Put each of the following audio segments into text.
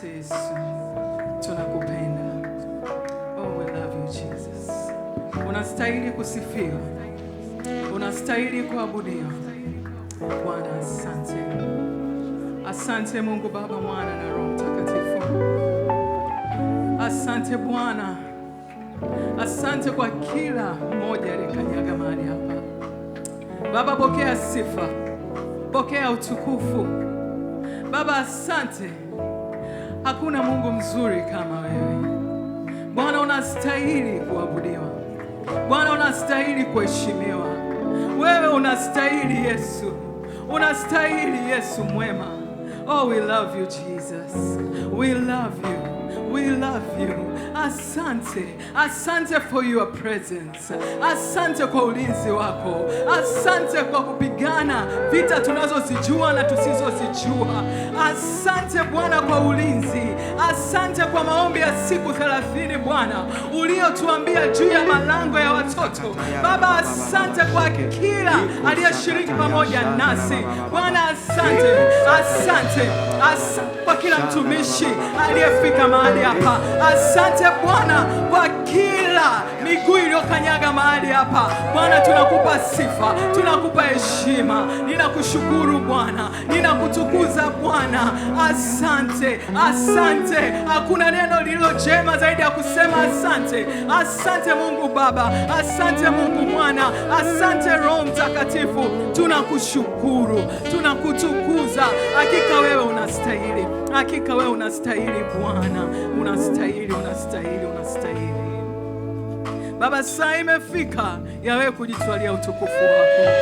Asante Yesu, tunakupenda. Oh, we love you Jesus. Unastahili kusifiwa, unastahili kuabudiwa Bwana. Asante, asante Mungu Baba, Mwana na Roho Mtakatifu. Asante Bwana, asante kwa kila mmoja alikanyaga mahali hapa Baba. Pokea sifa, pokea utukufu Baba, asante Hakuna Mungu mzuri kama wewe Bwana, unastahili kuabudiwa Bwana, unastahili kuheshimiwa, wewe unastahili Yesu, unastahili Yesu mwema. Oh, we love you, Jesus. We love you. We love you. Asante, asante for your presence. Asante kwa ulinzi wako. Asante kwa kupigana vita tunazozijua na tusizozijua. Asante Bwana kwa ulinzi. Asante kwa maombi ya siku thelathini Bwana uliotuambia juu ya malango ya watoto. Baba, asante kwa kila aliyeshiriki pamoja nasi Bwana, asante, asante Us. I kwa kila mtumishi aliyefika mahali hapa. Asante Bwana kwa kila miguu iliyokanyaga mahali hapa. Bwana, tunakupa sifa, tunakupa heshima, ninakushukuru Bwana, ninakutukuza Bwana. Asante, asante. Hakuna neno lililo jema zaidi ya kusema asante. Asante Mungu Baba, asante Mungu Mwana, asante Roho Mtakatifu. Tunakushukuru, tunakutukuza. Hakika wewe unastahili. Hakika wewe unastahili Bwana, unastahili, unastahili, unastahili. Baba, saa imefika ya wewe kujitwalia utukufu wako.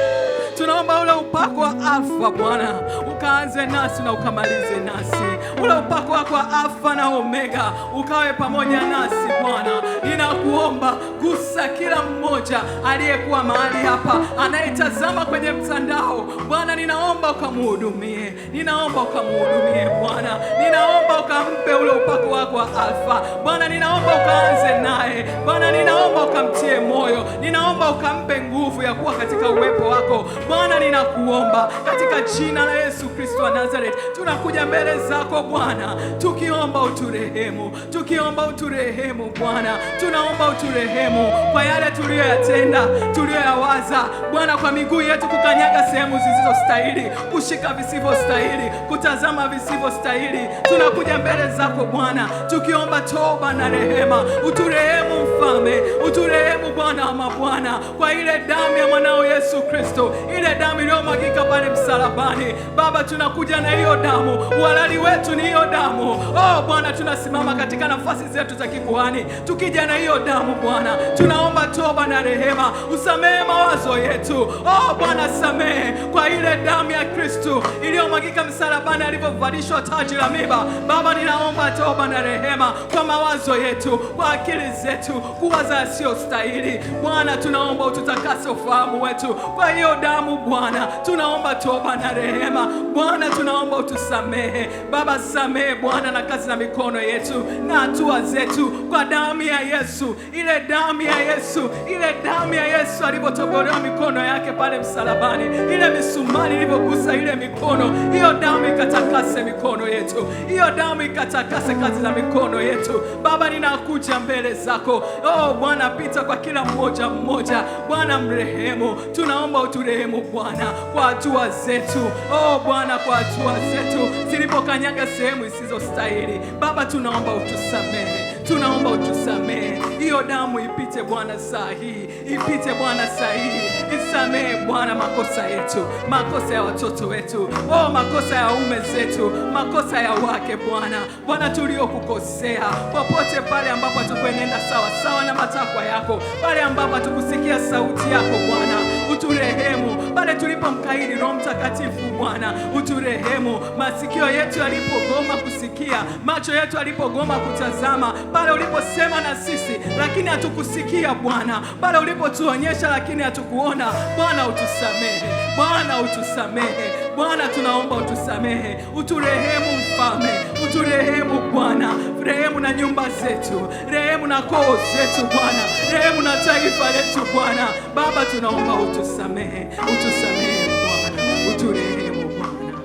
Tunaomba ule upako wa Alfa Bwana ukaanze nasi na ukamalize nasi, ule upako wako wa Alfa na Omega ukawe pamoja nasi Bwana, ninakuomba gusa kila mmoja aliyekuwa mahali hapa anayetazama kwenye mtandao Bwana, ninaomba ukamuhudumie, ninaomba ukamuhudumie Bwana, ninaomba ukampe ule upako wako wa Alfa Bwana, ninaomba ukaanze naye Bwana, ninaomba ukamtie moyo, ninaomba ukampe nguvu ya kuwa katika uwepo wako Bwana, ninakuomba katika jina la Yesu Kristo wa nazareti tunakuja mbele zako Bwana, tukiomba uturehemu, tukiomba uturehemu Bwana, tunaomba uturehemu kwa yale tuliyoyatenda, tuliyoyawaza Bwana, kwa miguu yetu kukanyaga sehemu zisizostahili, kushika visivyostahili, kutazama visivyostahili. Tunakuja mbele zako Bwana tukiomba toba na rehema. Uturehemu Mfalme, uturehemu Bwana wa mabwana, kwa ile damu ya mwanao Yesu Kristo, ile damu iliyomwagika pale msalabani. Baba, tunakuja na hiyo damu, uhalali wetu ni hiyo damu. Oh Bwana, tunasimama katika nafasi zetu za kikuhani dhambi, tukija na hiyo damu Bwana, tunaomba toba na rehema, usamehe mawazo yetu. Oh Bwana, samehe kwa ile damu ya Kristu iliyomwagika msalabani, alivyovalishwa taji la miba. Baba, ninaomba toba na rehema kwa mawazo yetu, kwa akili zetu kuwaza stahili Bwana, tunaomba ututakase ufahamu wetu kwa hiyo damu Bwana, tunaomba toba na rehema Bwana, tunaomba utusamehe Baba, samehe Bwana na kazi na mikono yetu na hatua zetu kwa damu ya Yesu, ile damu ya Yesu, ile damu ya Yesu alipotogolewa mikono yake pale msalabani, ile misumari ilivyogusa ile mikono, hiyo damu ikatakase mikono yetu, hiyo damu ikatakase kazi za mikono yetu. Baba, ninakuja mbele zako, oh Bwana, pita kwa kila mmoja mmoja, Bwana mrehemu, tunaomba uturehemu Bwana kwa hatua zetu, oh Bwana, kwa hatua zetu zilipokanyaga sehemu isizostahili. Baba, tunaomba utusamehe tunaomba utusamehe. Hiyo damu ipite Bwana saa hii, ipite Bwana saa hii, isamee Bwana makosa yetu, makosa ya watoto wetu, oh, makosa ya ume zetu, makosa ya wake Bwana. Bwana, tuliokukosea popote pale ambapo hatukuenenda sawa sawa na matakwa yako, pale ambapo hatukusikia sauti yako Bwana uturehemu, pale tulipomkaidi Roho Mtakatifu. Bwana uturehemu, masikio yetu yalipogoma kusikia, macho yetu yalipogoma kutazama, pale uliposema na sisi lakini hatukusikia Bwana, pale ulipotuonyesha lakini hatukuona Bwana, utusamehe Bwana, utusamehe Bwana, tunaomba utusamehe, uturehemu Mfalme, uturehemu Bwana. Rehemu na nyumba zetu, rehemu na koo zetu Bwana, rehemu na taifa letu Bwana. Baba, tunaomba utusamehe, utusamehe Bwana, uturehemu Bwana.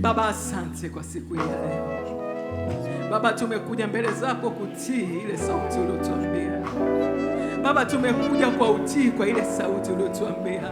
Baba, asante kwa siku ya leo. Baba, tumekuja mbele zako kutii ile sauti uliotuambia. Baba, tumekuja kwa utii kwa ile sauti uliotuambia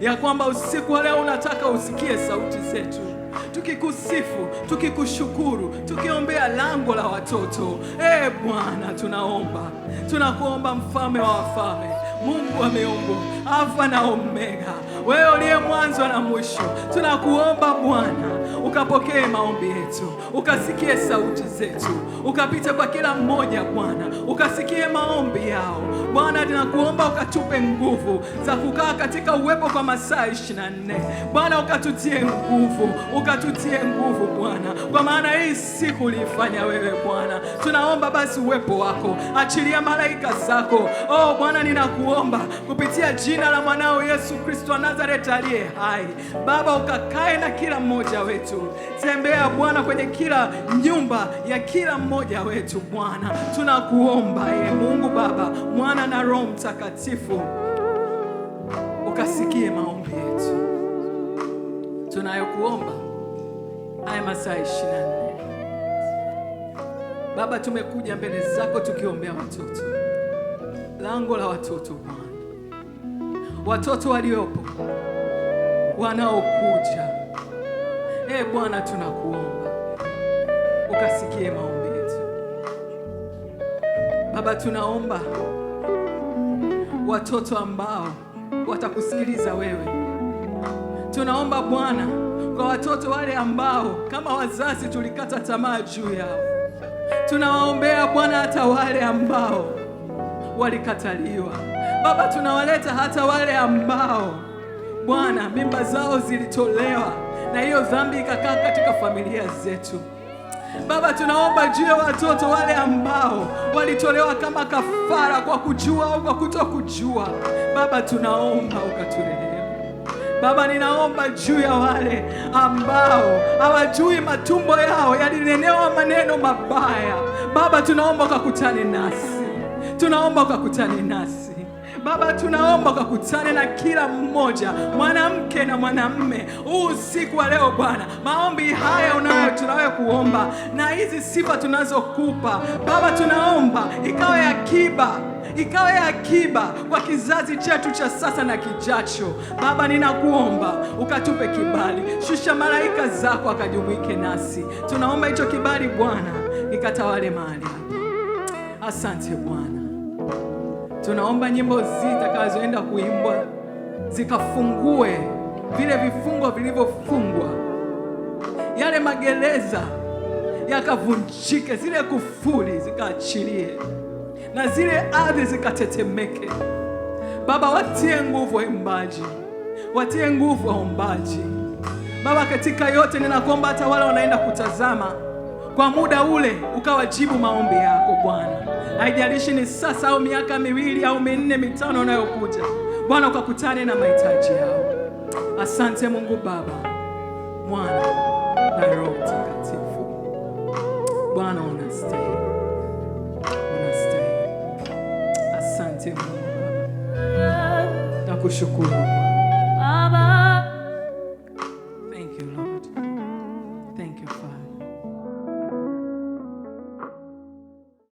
ya kwamba usiku wa leo unataka usikie sauti zetu tukikusifu, tukikushukuru, tukiombea lango la watoto. E Bwana, tunaomba tunakuomba, mfalme wa wafalme, Mungu wa miungu, Alfa na Omega, wewe uliye mwanzo na mwisho, tunakuomba Bwana ukapokee maombi yetu, ukasikie sauti zetu, ukapita kwa kila mmoja Bwana, ukasikie maombi yao Bwana. Tunakuomba ukatupe nguvu za kukaa katika uwepo kwa masaa nne Bwana, ukatutie nguvu, ukatutie nguvu Bwana, kwa maana hii siku uliifanya wewe Bwana. Tunaomba basi uwepo wako, achilia malaika zako oh Bwana, ninakuomba kupitia jina la mwanao Yesu Kristo wa Nazareti aliye hai Baba, ukakae na kila mmoja wetu Tembea Bwana kwenye kila nyumba ya kila mmoja wetu Bwana, tunakuomba ye ee Mungu Baba, Mwana na Roho Mtakatifu, ukasikie maombi yetu tunayokuomba haya masaa 24. Baba, tumekuja mbele zako tukiombea watoto, lango la watoto Bwana, watoto waliopo wanaokuja Ee Bwana, tunakuomba ukasikie maombi yetu. Baba, tunaomba watoto ambao watakusikiliza wewe. Tunaomba Bwana kwa watoto wale ambao kama wazazi tulikata tamaa juu yao, tunawaombea Bwana hata wale ambao walikataliwa. Baba, tunawaleta hata wale ambao Bwana mimba zao zilitolewa na hiyo dhambi ikakaa katika familia zetu. Baba, tunaomba juu ya watoto wale ambao walitolewa kama kafara kwa kujua au kwa kutokujua. Baba, tunaomba ukaturehemu. Baba, ninaomba juu ya wale ambao hawajui matumbo yao yalinenewa maneno mabaya. Baba, tunaomba ukakutane nasi, tunaomba ukakutane nasi Baba, tunaomba ukakutane na kila mmoja, mwanamke na mwanamme, huu usiku wa leo Bwana, maombi haya unayo tunayo kuomba na hizi sifa tunazokupa Baba, tunaomba ikawe akiba ikawe akiba kwa kizazi chetu cha sasa na kijacho. Baba, ninakuomba ukatupe kibali, shusha malaika zako akajumuike nasi. Tunaomba hicho kibali Bwana ikatawale mahali hapa. Asante Bwana. Tunaomba nyimbo zitakazoenda kuimbwa zikafungue vile vifungo vilivyofungwa, yale magereza yakavunjike, zile kufuli zikaachilie na zile ardhi zikatetemeke. Baba, watie nguvu waimbaji, watie nguvu waombaji. Baba, katika yote ninakuomba, hata wale wanaenda kutazama kwa muda ule ukawajibu maombi yako Bwana, haijalishi ni sasa au miaka miwili au minne mitano unayokuja Bwana, ukakutane na mahitaji yao. Asante Mungu Baba, Mwana na Roho Mtakatifu. Bwana unastahili, unastahili. Asante Mungu Baba, nakushukuru.